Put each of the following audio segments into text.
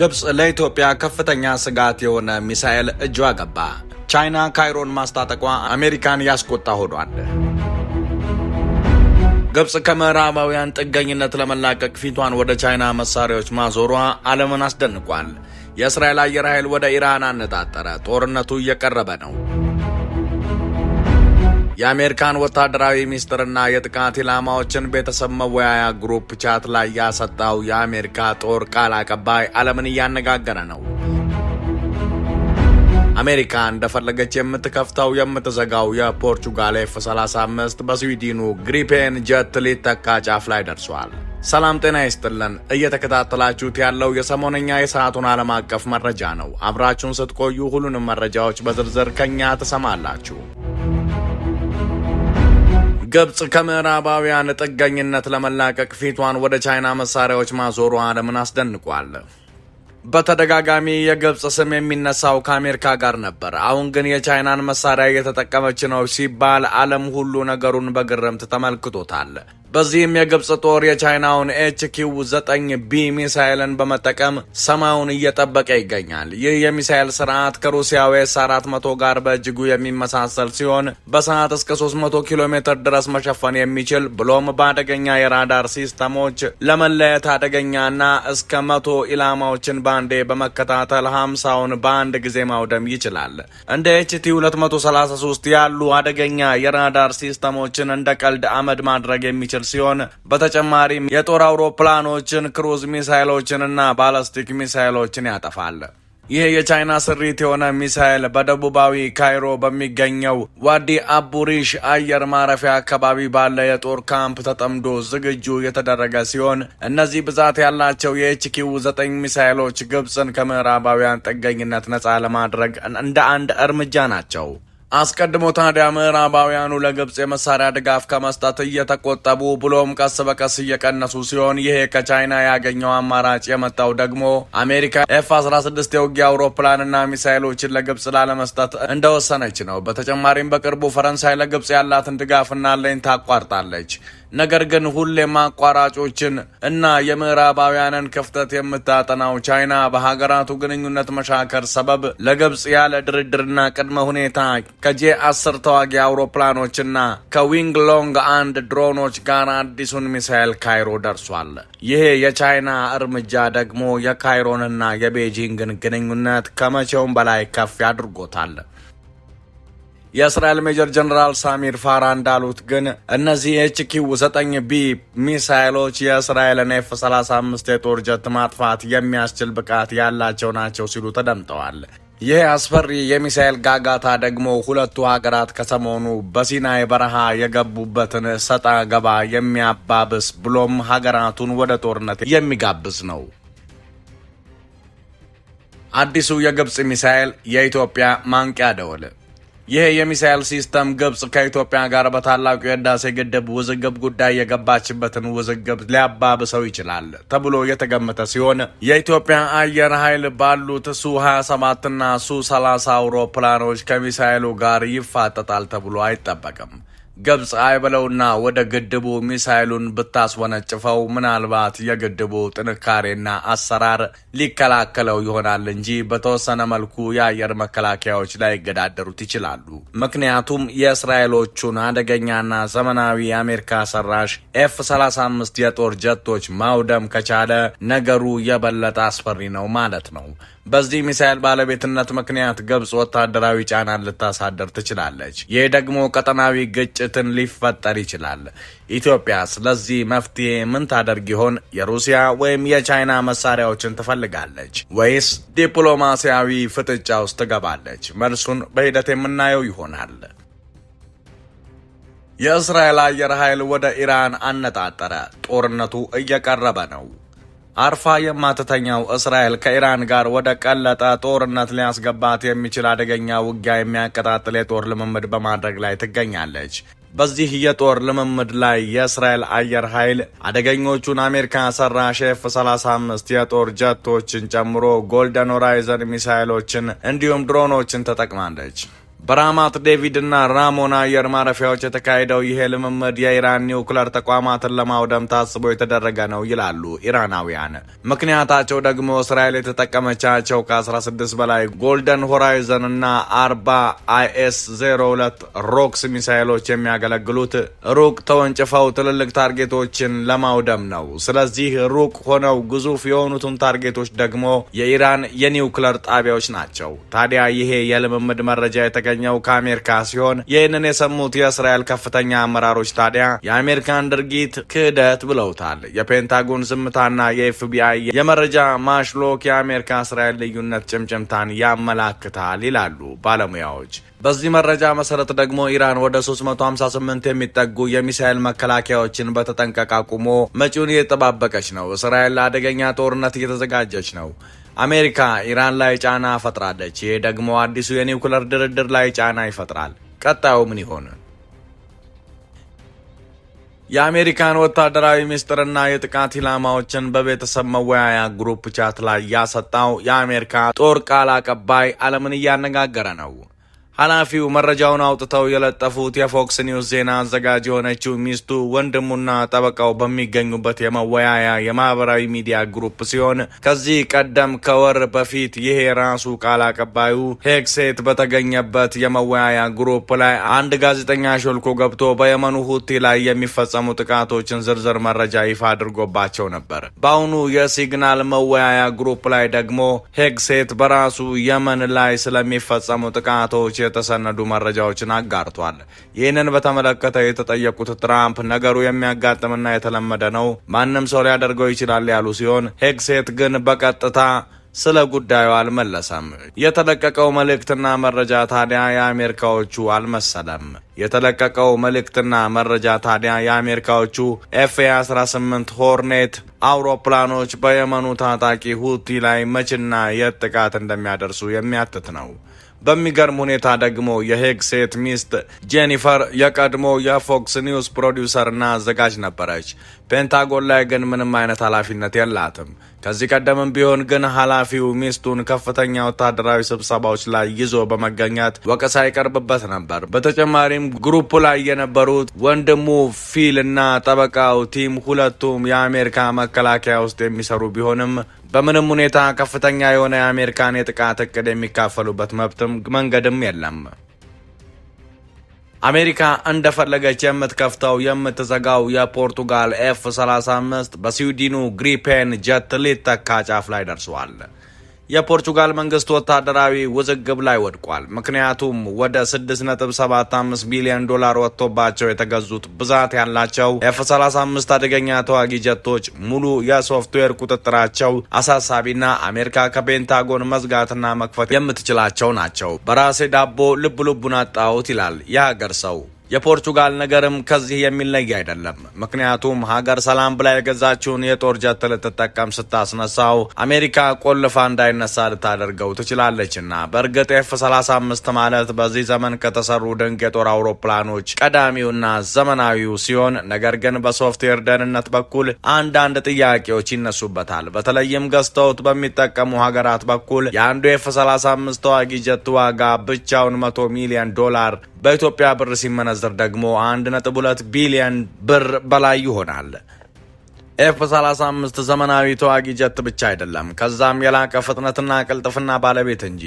ግብፅ ለኢትዮጵያ ከፍተኛ ስጋት የሆነ ሚሳኤል እጇ ገባ። ቻይና ካይሮን ማስታጠቋ አሜሪካን ያስቆጣ ሆኗል። ግብፅ ከምዕራባውያን ጥገኝነት ለመላቀቅ ፊቷን ወደ ቻይና መሳሪያዎች ማዞሯ ዓለምን አስደንቋል። የእስራኤል አየር ኃይል ወደ ኢራን አነጣጠረ። ጦርነቱ እየቀረበ ነው። የአሜሪካን ወታደራዊ ሚስጥርና የጥቃት ኢላማዎችን ቤተሰብ መወያያ ግሩፕ ቻት ላይ ያሰጣው የአሜሪካ ጦር ቃል አቀባይ ዓለምን እያነጋገረ ነው። አሜሪካ እንደፈለገች የምትከፍተው የምትዘጋው የፖርቹጋል ኤፍ 35 በስዊድኑ ግሪፔን ጀት ሊተካ ጫፍ ላይ ደርሷል። ሰላም ጤና ይስጥልን። እየተከታተላችሁት ያለው የሰሞነኛ የሰዓቱን ዓለም አቀፍ መረጃ ነው። አብራችሁን ስትቆዩ ሁሉንም መረጃዎች በዝርዝር ከኛ ትሰማላችሁ። ግብጽ ከምዕራባውያን ጥገኝነት ለመላቀቅ ፊቷን ወደ ቻይና መሳሪያዎች ማዞሩ ዓለምን አስደንቋል። በተደጋጋሚ የግብጽ ስም የሚነሳው ከአሜሪካ ጋር ነበር። አሁን ግን የቻይናን መሳሪያ እየተጠቀመች ነው ሲባል ዓለም ሁሉ ነገሩን በግርምት ተመልክቶታል። በዚህም የግብጽ ጦር የቻይናውን ኤችኪው 9 ቢ ሚሳይልን በመጠቀም ሰማዩን እየጠበቀ ይገኛል። ይህ የሚሳይል ስርዓት ከሩሲያዊ ኤስ 400 ጋር በእጅጉ የሚመሳሰል ሲሆን በሰዓት እስከ 300 ኪሎ ሜትር ድረስ መሸፈን የሚችል ብሎም በአደገኛ የራዳር ሲስተሞች ለመለየት አደገኛና እስከ መቶ ኢላማዎችን ባንዴ በመከታተል ሀምሳውን በአንድ ጊዜ ማውደም ይችላል። እንደ ኤችቲ 233 ያሉ አደገኛ የራዳር ሲስተሞችን እንደ ቀልድ አመድ ማድረግ የሚችል ሲሆን በተጨማሪም የጦር አውሮፕላኖችን፣ ክሩዝ ሚሳይሎችንና ባላስቲክ ሚሳይሎችን ያጠፋል። ይህ የቻይና ስሪት የሆነ ሚሳይል በደቡባዊ ካይሮ በሚገኘው ዋዲ አቡሪሽ አየር ማረፊያ አካባቢ ባለ የጦር ካምፕ ተጠምዶ ዝግጁ የተደረገ ሲሆን እነዚህ ብዛት ያላቸው የኤችኪው ዘጠኝ ሚሳይሎች ግብፅን ከምዕራባውያን ጥገኝነት ነፃ ለማድረግ እንደ አንድ እርምጃ ናቸው። አስቀድሞ ታዲያ ምዕራባውያኑ ለግብፅ የመሳሪያ ድጋፍ ከመስጠት እየተቆጠቡ ብሎም ቀስ በቀስ እየቀነሱ ሲሆን ይሄ ከቻይና ያገኘው አማራጭ የመጣው ደግሞ አሜሪካ ኤፍ 16 አውሮፕላን አውሮፕላንና ሚሳይሎችን ለግብፅ ላለመስጠት እንደወሰነች ነው። በተጨማሪም በቅርቡ ፈረንሳይ ለግብፅ ያላትን ድጋፍና ለኝ ታቋርጣለች። ነገር ግን ሁሌም አቋራጮችን እና የምዕራባውያንን ክፍተት የምታጠናው ቻይና በሀገራቱ ግንኙነት መሻከር ሰበብ ለግብጽ ያለ ድርድርና ቅድመ ሁኔታ ከጄ አስር ተዋጊ አውሮፕላኖችና ከዊንግ ሎንግ አንድ ድሮኖች ጋር አዲሱን ሚሳኤል ካይሮ ደርሷል። ይሄ የቻይና እርምጃ ደግሞ የካይሮንና የቤጂንግን ግንኙነት ከመቼውም በላይ ከፍ አድርጎታል። የእስራኤል ሜጀር ጀነራል ሳሚር ፋራ እንዳሉት ግን እነዚህ የኤችኪው ዘጠኝ ቢ ሚሳይሎች የእስራኤልን ኤፍ 35 የጦር ጀት ማጥፋት የሚያስችል ብቃት ያላቸው ናቸው ሲሉ ተደምጠዋል። ይህ አስፈሪ የሚሳኤል ጋጋታ ደግሞ ሁለቱ ሀገራት ከሰሞኑ በሲናይ በረሃ የገቡበትን ሰጣ ገባ የሚያባብስ ብሎም ሀገራቱን ወደ ጦርነት የሚጋብዝ ነው። አዲሱ የግብፅ ሚሳኤል የኢትዮጵያ ማንቂያ ደወል ይህ የሚሳኤል ሲስተም ግብጽ ከኢትዮጵያ ጋር በታላቁ የህዳሴ ግድብ ውዝግብ ጉዳይ የገባችበትን ውዝግብ ሊያባብሰው ይችላል ተብሎ የተገመተ ሲሆን የኢትዮጵያ አየር ኃይል ባሉት ሱ 27ና ሱ 30 አውሮፕላኖች ከሚሳኤሉ ጋር ይፋጠጣል ተብሎ አይጠበቅም። ግብፅ አይበለውና ወደ ግድቡ ሚሳይሉን ብታስወነጭፈው ምናልባት የግድቡ ጥንካሬና አሰራር ሊከላከለው ይሆናል እንጂ በተወሰነ መልኩ የአየር መከላከያዎች ላይገዳደሩት ይችላሉ። ምክንያቱም የእስራኤሎቹን አደገኛና ዘመናዊ የአሜሪካ ሰራሽ ኤፍ 35 የጦር ጀቶች ማውደም ከቻለ ነገሩ የበለጠ አስፈሪ ነው ማለት ነው። በዚህ ሚሳኤል ባለቤትነት ምክንያት ግብጽ ወታደራዊ ጫናን ልታሳደር ትችላለች። ይህ ደግሞ ቀጠናዊ ግጭትን ሊፈጠር ይችላል። ኢትዮጵያ ስለዚህ መፍትሄ ምን ታደርግ ይሆን? የሩሲያ ወይም የቻይና መሳሪያዎችን ትፈልጋለች ወይስ ዲፕሎማሲያዊ ፍጥጫ ውስጥ ትገባለች? መልሱን በሂደት የምናየው ይሆናል። የእስራኤል አየር ኃይል ወደ ኢራን አነጣጠረ። ጦርነቱ እየቀረበ ነው። አርፋ የማትተኛው እስራኤል ከኢራን ጋር ወደ ቀለጠ ጦርነት ሊያስገባት የሚችል አደገኛ ውጊያ የሚያቀጣጥል የጦር ልምምድ በማድረግ ላይ ትገኛለች። በዚህ የጦር ልምምድ ላይ የእስራኤል አየር ኃይል አደገኞቹን አሜሪካ ሰራሽ ኤፍ 35 የጦር ጀቶችን ጨምሮ ጎልደን ሆራይዘን ሚሳይሎችን እንዲሁም ድሮኖችን ተጠቅማለች። በራማት ዴቪድ እና ራሞን አየር ማረፊያዎች የተካሄደው ይሄ ልምምድ የኢራን ኒውክለር ተቋማትን ለማውደም ታስቦ የተደረገ ነው ይላሉ ኢራናውያን። ምክንያታቸው ደግሞ እስራኤል የተጠቀመቻቸው ከ16 በላይ ጎልደን ሆራይዘን እና 40 አይኤስ 02 ሮክስ ሚሳይሎች የሚያገለግሉት ሩቅ ተወንጭፈው ትልልቅ ታርጌቶችን ለማውደም ነው። ስለዚህ ሩቅ ሆነው ግዙፍ የሆኑትን ታርጌቶች ደግሞ የኢራን የኒውክለር ጣቢያዎች ናቸው። ታዲያ ይሄ የልምምድ መረጃ የተገኘው ከአሜሪካ ሲሆን ይህንን የሰሙት የእስራኤል ከፍተኛ አመራሮች ታዲያ የአሜሪካን ድርጊት ክህደት ብለውታል። የፔንታጎን ዝምታና የኤፍቢአይ የመረጃ ማሽሎክ የአሜሪካ እስራኤል ልዩነት ጭምጭምታን ያመላክታል ይላሉ ባለሙያዎች። በዚህ መረጃ መሰረት ደግሞ ኢራን ወደ 358 የሚጠጉ የሚሳኤል መከላከያዎችን በተጠንቀቅ አቁሞ መጪውን እየተጠባበቀች ነው። እስራኤል ለአደገኛ ጦርነት እየተዘጋጀች ነው። አሜሪካ ኢራን ላይ ጫና ፈጥራለች። ይሄ ደግሞ አዲሱ የኒውክለር ድርድር ላይ ጫና ይፈጥራል። ቀጣዩ ምን ይሆን? የአሜሪካን ወታደራዊ ምስጢርና የጥቃት ኢላማዎችን በቤተሰብ መወያያ ግሩፕ ቻት ላይ ያሰጣው የአሜሪካ ጦር ቃል አቀባይ ዓለምን እያነጋገረ ነው። ኃላፊው መረጃውን አውጥተው የለጠፉት የፎክስ ኒውስ ዜና አዘጋጅ የሆነችው ሚስቱ ወንድሙና ጠበቃው በሚገኙበት የመወያያ የማህበራዊ ሚዲያ ግሩፕ ሲሆን ከዚህ ቀደም ከወር በፊት ይሄ ራሱ ቃል አቀባዩ ሄክሴት በተገኘበት የመወያያ ግሩፕ ላይ አንድ ጋዜጠኛ ሾልኮ ገብቶ በየመኑ ሁቲ ላይ የሚፈጸሙ ጥቃቶችን ዝርዝር መረጃ ይፋ አድርጎባቸው ነበር። በአሁኑ የሲግናል መወያያ ግሩፕ ላይ ደግሞ ሄክሴት በራሱ የመን ላይ ስለሚፈጸሙ ጥቃቶች የተሰነዱ መረጃዎችን አጋርቷል። ይህንን በተመለከተ የተጠየቁት ትራምፕ ነገሩ የሚያጋጥምና የተለመደ ነው፣ ማንም ሰው ሊያደርገው ይችላል ያሉ ሲሆን ሄግሴት ግን በቀጥታ ስለ ጉዳዩ አልመለሰም። የተለቀቀው መልእክትና መረጃ ታዲያ የአሜሪካዎቹ አልመሰለም። የተለቀቀው መልእክትና መረጃ ታዲያ የአሜሪካዎቹ ኤፍኤ 18 ሆርኔት አውሮፕላኖች በየመኑ ታጣቂ ሁቲ ላይ መችና የት ጥቃት እንደሚያደርሱ የሚያትት ነው። በሚገርም ሁኔታ ደግሞ የሄግ ሴት ሚስት ጄኒፈር የቀድሞ የፎክስ ኒውስ ፕሮዲውሰርና አዘጋጅ ነበረች። ፔንታጎን ላይ ግን ምንም አይነት ኃላፊነት የላትም። ከዚህ ቀደምም ቢሆን ግን ኃላፊው ሚስቱን ከፍተኛ ወታደራዊ ስብሰባዎች ላይ ይዞ በመገኘት ወቀሳ ይቀርብበት ነበር። በተጨማሪም ግሩፑ ላይ የነበሩት ወንድሙ ፊል እና ጠበቃው ቲም ሁለቱም የአሜሪካ መከላከያ ውስጥ የሚሰሩ ቢሆንም በምንም ሁኔታ ከፍተኛ የሆነ የአሜሪካን የጥቃት እቅድ የሚካፈሉበት መብትም መንገድም የለም። አሜሪካ እንደፈለገች የምትከፍተው የምትዘጋው የፖርቱጋል ኤፍ 35 በስዊድኑ ግሪፔን ጀት ሊተካ ጫፍ ላይ ደርሷል። የፖርቹጋል መንግስት ወታደራዊ ውዝግብ ላይ ወድቋል። ምክንያቱም ወደ 6.75 ቢሊዮን ዶላር ወጥቶባቸው የተገዙት ብዛት ያላቸው ኤፍ35 አደገኛ ተዋጊ ጀቶች ሙሉ የሶፍትዌር ቁጥጥራቸው አሳሳቢና አሜሪካ ከፔንታጎን መዝጋትና መክፈት የምትችላቸው ናቸው። በራሴ ዳቦ ልብ ልቡን አጣሁት ይላል የሀገር ሰው። የፖርቹጋል ነገርም ከዚህ የሚለይ አይደለም። ምክንያቱም ሀገር ሰላም ብላ የገዛችውን የጦር ጀት ልትጠቀም ስታስነሳው አሜሪካ ቆልፋ እንዳይነሳ ልታደርገው ትችላለችና። በእርግጥ ኤፍ 35 ማለት በዚህ ዘመን ከተሰሩ ድንቅ የጦር አውሮፕላኖች ቀዳሚውና ዘመናዊው ሲሆን ነገር ግን በሶፍትዌር ደህንነት በኩል አንዳንድ ጥያቄዎች ይነሱበታል። በተለይም ገዝተውት በሚጠቀሙ ሀገራት በኩል የአንዱ ኤፍ 35 ተዋጊ ጀት ዋጋ ብቻውን 100 ሚሊዮን ዶላር በኢትዮጵያ ብር ሲመነ ሲታዘር ደግሞ 1.2 ቢሊዮን ብር በላይ ይሆናል። ኤፍ 35 ዘመናዊ ተዋጊ ጀት ብቻ አይደለም፣ ከዛም የላቀ ፍጥነትና ቅልጥፍና ባለቤት እንጂ።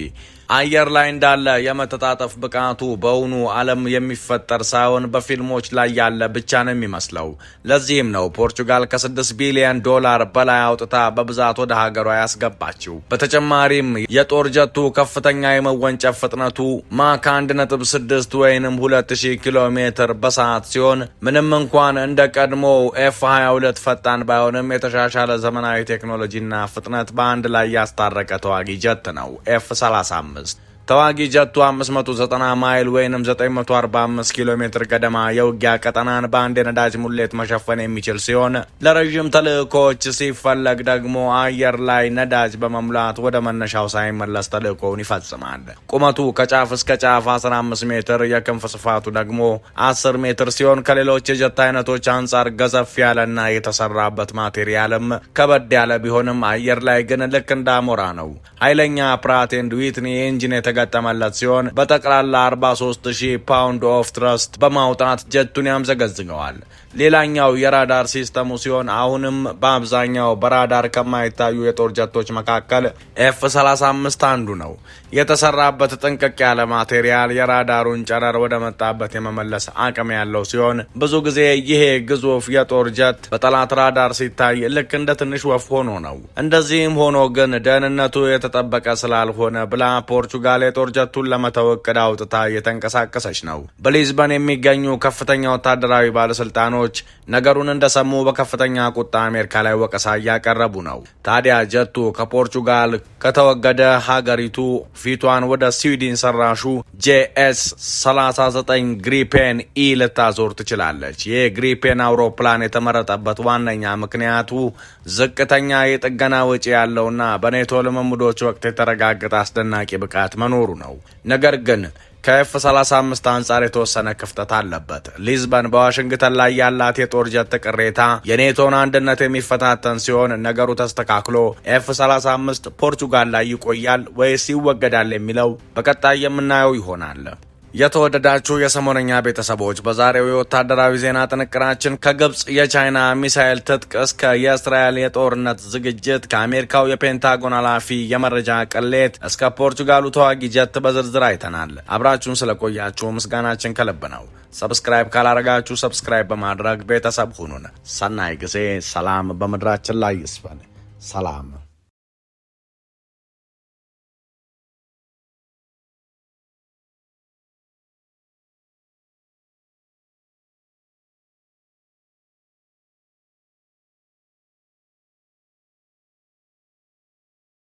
አየር ላይ እንዳለ የመተጣጠፍ ብቃቱ በውኑ ዓለም የሚፈጠር ሳይሆን በፊልሞች ላይ ያለ ብቻ ነው የሚመስለው። ለዚህም ነው ፖርቹጋል ከ6 ቢሊዮን ዶላር በላይ አውጥታ በብዛት ወደ ሀገሯ ያስገባችው። በተጨማሪም የጦር ጀቱ ከፍተኛ የመወንጨፍ ፍጥነቱ ማካ 1.6 ወይም 2000 ኪሎ ሜትር በሰዓት ሲሆን ምንም እንኳን እንደ ቀድሞው ኤፍ 22 ፈጣን ፈጣን ባይሆንም የተሻሻለ ዘመናዊ ቴክኖሎጂና ፍጥነት በአንድ ላይ ያስታረቀ ተዋጊ ጀት ነው ኤፍ 35 ተዋጊ ጀቱ 590 ማይል ወይም 945 ኪሎ ሜትር ገደማ የውጊያ ቀጠናን በአንድ የነዳጅ ሙሌት መሸፈን የሚችል ሲሆን ለረዥም ተልእኮዎች ሲፈለግ ደግሞ አየር ላይ ነዳጅ በመሙላት ወደ መነሻው ሳይመለስ ተልእኮውን ይፈጽማል። ቁመቱ ከጫፍ እስከ ጫፍ 15 ሜትር፣ የክንፍ ስፋቱ ደግሞ 10 ሜትር ሲሆን ከሌሎች የጀት አይነቶች አንጻር ገዘፍ ያለና የተሰራበት ማቴሪያልም ከበድ ያለ ቢሆንም አየር ላይ ግን ልክ እንዳሞራ ነው። ኃይለኛ ፕራት ኤንድ ዊትኒ ኢንጂን የተገ የገጠመለት ሲሆን በጠቅላላ 43 ሺህ ፓውንድ ኦፍ ትረስት በማውጣት ጀቱን ያምዘገዝገዋል። ሌላኛው የራዳር ሲስተሙ ሲሆን አሁንም በአብዛኛው በራዳር ከማይታዩ የጦር ጀቶች መካከል ኤፍ 35 አንዱ ነው። የተሰራበት ጥንቅቅ ያለ ማቴሪያል የራዳሩን ጨረር ወደ መጣበት የመመለስ አቅም ያለው ሲሆን ብዙ ጊዜ ይሄ ግዙፍ የጦር ጀት በጠላት ራዳር ሲታይ ልክ እንደ ትንሽ ወፍ ሆኖ ነው። እንደዚህም ሆኖ ግን ደህንነቱ የተጠበቀ ስላልሆነ ብላ ፖርቹጋል የጦር ጀቱን ለመተው እቅድ አውጥታ እየተንቀሳቀሰች ነው። በሊዝበን የሚገኙ ከፍተኛ ወታደራዊ ባለስልጣኖች ወገኖች ነገሩን እንደሰሙ በከፍተኛ ቁጣ አሜሪካ ላይ ወቀሳ እያቀረቡ ነው። ታዲያ ጀቱ ከፖርቹጋል ከተወገደ ሀገሪቱ ፊቷን ወደ ስዊድን ሰራሹ ጄኤስ 39 ግሪፔን ኢ ልታዞር ትችላለች። ይህ ግሪፔን አውሮፕላን የተመረጠበት ዋነኛ ምክንያቱ ዝቅተኛ የጥገና ወጪ ያለውና በኔቶ ልምምዶች ወቅት የተረጋገጠ አስደናቂ ብቃት መኖሩ ነው። ነገር ግን ከኤፍ 35 አንጻር የተወሰነ ክፍተት አለበት። ሊዝበን በዋሽንግተን ላይ ያላት የጦር ጀት ቅሬታ የኔቶን አንድነት የሚፈታተን ሲሆን ነገሩ ተስተካክሎ ኤፍ 35 ፖርቱጋል ላይ ይቆያል ወይስ ይወገዳል የሚለው በቀጣይ የምናየው ይሆናል። የተወደዳችሁ የሰሞነኛ ቤተሰቦች በዛሬው የወታደራዊ ዜና ጥንቅራችን ከግብፅ የቻይና ሚሳኤል ትጥቅ እስከ የእስራኤል የጦርነት ዝግጅት ከአሜሪካው የፔንታጎን ኃላፊ የመረጃ ቅሌት እስከ ፖርቱጋሉ ተዋጊ ጀት በዝርዝር አይተናል። አብራችሁን ስለቆያችሁ ምስጋናችን ከልብ ነው። ሰብስክራይብ ካላረጋችሁ ሰብስክራይብ በማድረግ ቤተሰብ ሁኑን። ሰናይ ጊዜ። ሰላም በምድራችን ላይ ይስፈን። ሰላም